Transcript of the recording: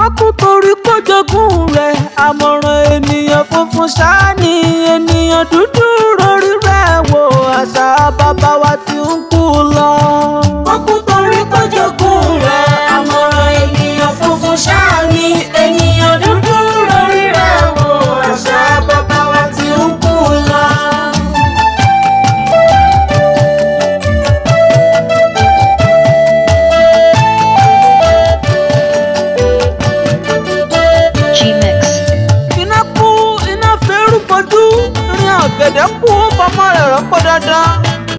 ọkùn torí kó jogún rẹ̀ àmọ̀ràn ènìyàn funfun ṣáàní ènìyàn dúdú rorí rẹ̀ wò àṣà bàbá wa ti ń kú lọ. ọ̀gẹ̀dẹ̀ kú fọmọ rẹ̀ rọ́pò dandan.